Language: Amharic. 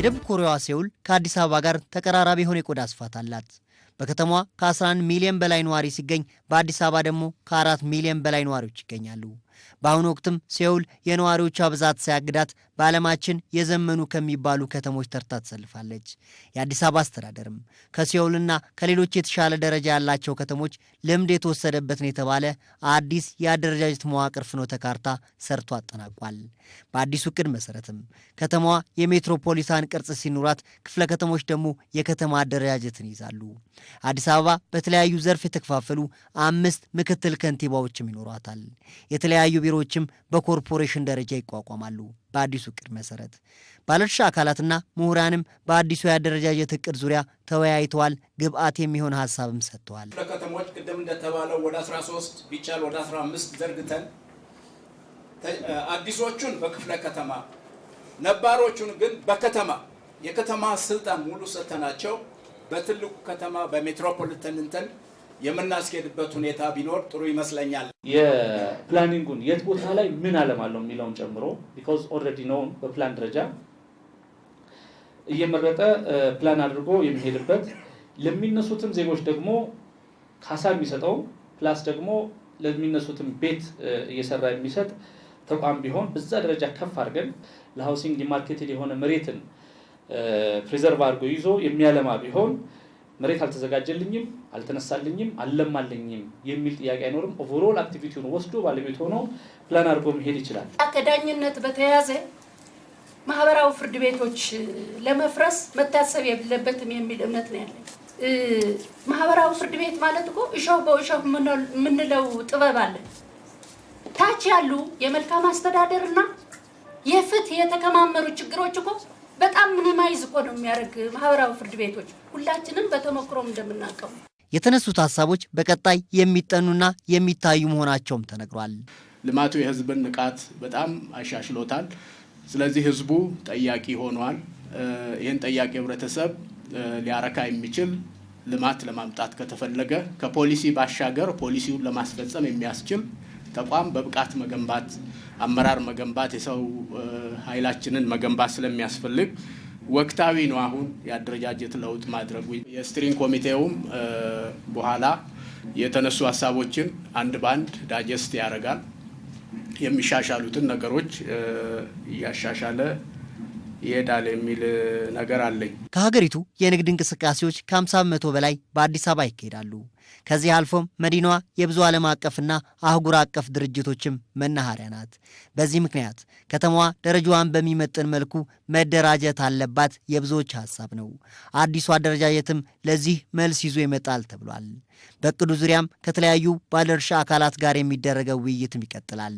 የደቡብ ኮሪያዋ ሴውል ከአዲስ አበባ ጋር ተቀራራቢ የሆነ የቆዳ ስፋት አላት። በከተማዋ ከ11 ሚሊዮን በላይ ነዋሪ ሲገኝ በአዲስ አበባ ደግሞ ከ4 ሚሊዮን በላይ ነዋሪዎች ይገኛሉ። በአሁኑ ወቅትም ሴውል የነዋሪዎቿ ብዛት ሳያግዳት በዓለማችን የዘመኑ ከሚባሉ ከተሞች ተርታ ትሰልፋለች። የአዲስ አበባ አስተዳደርም ከሴውልና ከሌሎች የተሻለ ደረጃ ያላቸው ከተሞች ልምድ የተወሰደበት ነው የተባለ አዲስ የአደረጃጀት መዋቅር ፍኖተ ካርታ ሰርቶ አጠናቋል። በአዲሱ እቅድ መሰረትም ከተማዋ የሜትሮፖሊታን ቅርጽ ሲኖራት፣ ክፍለ ከተሞች ደግሞ የከተማ አደረጃጀትን ይዛሉ። አዲስ አበባ በተለያዩ ዘርፍ የተከፋፈሉ አምስት ምክትል ከንቲባዎችም ይኖሯታል። የተለያዩ የተለያዩ ቢሮዎችም በኮርፖሬሽን ደረጃ ይቋቋማሉ። በአዲሱ እቅድ መሰረት ባለድርሻ አካላትና ምሁራንም በአዲሱ የአደረጃጀት እቅድ ዙሪያ ተወያይተዋል። ግብአት የሚሆን ሀሳብም ሰጥተዋል። ከተሞች ቅድም እንደተባለው ወደ 13 ቢቻል ወደ 15 ዘርግተን አዲሶቹን በክፍለ ከተማ ነባሮቹን ግን በከተማ የከተማ ስልጣን ሙሉ ሰተናቸው በትልቁ ከተማ በሜትሮፖሊተን እንትን የምናስኬድበት ሁኔታ ቢኖር ጥሩ ይመስለኛል። የፕላኒንጉን የት ቦታ ላይ ምን አለማለው የሚለውን ጨምሮ ቢኮዝ ኦልሬዲ ነው በፕላን ደረጃ እየመረጠ ፕላን አድርጎ የሚሄድበት ለሚነሱትም ዜጎች ደግሞ ካሳ የሚሰጠው ፕላስ ደግሞ ለሚነሱትም ቤት እየሰራ የሚሰጥ ተቋም ቢሆን በዛ ደረጃ ከፍ አድርገን ለሃውሲንግ ማርኬት የሆነ መሬትን ፕሪዘርቭ አድርጎ ይዞ የሚያለማ ቢሆን መሬት አልተዘጋጀልኝም፣ አልተነሳልኝም፣ አልለማልኝም የሚል ጥያቄ አይኖርም። ኦቨሮል አክቲቪቲውን ወስዶ ባለቤት ሆኖ ፕላን አድርጎ መሄድ ይችላል። ከዳኝነት በተያያዘ ማህበራዊ ፍርድ ቤቶች ለመፍረስ መታሰብ የለበትም የሚል እምነት ነው ያለኝ። ማህበራዊ ፍርድ ቤት ማለት እኮ እሾህ በእሾህ የምንለው ጥበብ አለ። ታች ያሉ የመልካም አስተዳደር እና የፍትህ የተከማመሩ ችግሮች እኮ በጣም ምንማይዝ እኮ ነው የሚያደርግ ማህበራዊ ፍርድ ቤቶች ሁላችንም በተሞክሮም እንደምናቀሙ የተነሱት ሀሳቦች በቀጣይ የሚጠኑና የሚታዩ መሆናቸውም ተነግሯል። ልማቱ የህዝብን ንቃት በጣም አሻሽሎታል። ስለዚህ ህዝቡ ጠያቂ ሆኗል። ይህን ጠያቂ ህብረተሰብ ሊያረካ የሚችል ልማት ለማምጣት ከተፈለገ ከፖሊሲ ባሻገር ፖሊሲውን ለማስፈጸም የሚያስችል ተቋም በብቃት መገንባት፣ አመራር መገንባት፣ የሰው ኃይላችንን መገንባት ስለሚያስፈልግ ወቅታዊ ነው። አሁን የአደረጃጀት ለውጥ ማድረጉ የስትሪንግ ኮሚቴውም በኋላ የተነሱ ሀሳቦችን አንድ በአንድ ዳጀስት ያደርጋል። የሚሻሻሉትን ነገሮች እያሻሻለ ይሄዳል የሚል ነገር አለኝ። ከሀገሪቱ የንግድ እንቅስቃሴዎች ከ50 በመቶ በላይ በአዲስ አበባ ይካሄዳሉ። ከዚህ አልፎም መዲናዋ የብዙ ዓለም አቀፍና አህጉር አቀፍ ድርጅቶችም መናኸሪያ ናት። በዚህ ምክንያት ከተማዋ ደረጃዋን በሚመጥን መልኩ መደራጀት አለባት የብዙዎች ሀሳብ ነው። አዲሱ አደረጃጀትም ለዚህ መልስ ይዞ ይመጣል ተብሏል። በእቅዱ ዙሪያም ከተለያዩ ባለድርሻ አካላት ጋር የሚደረገው ውይይትም ይቀጥላል።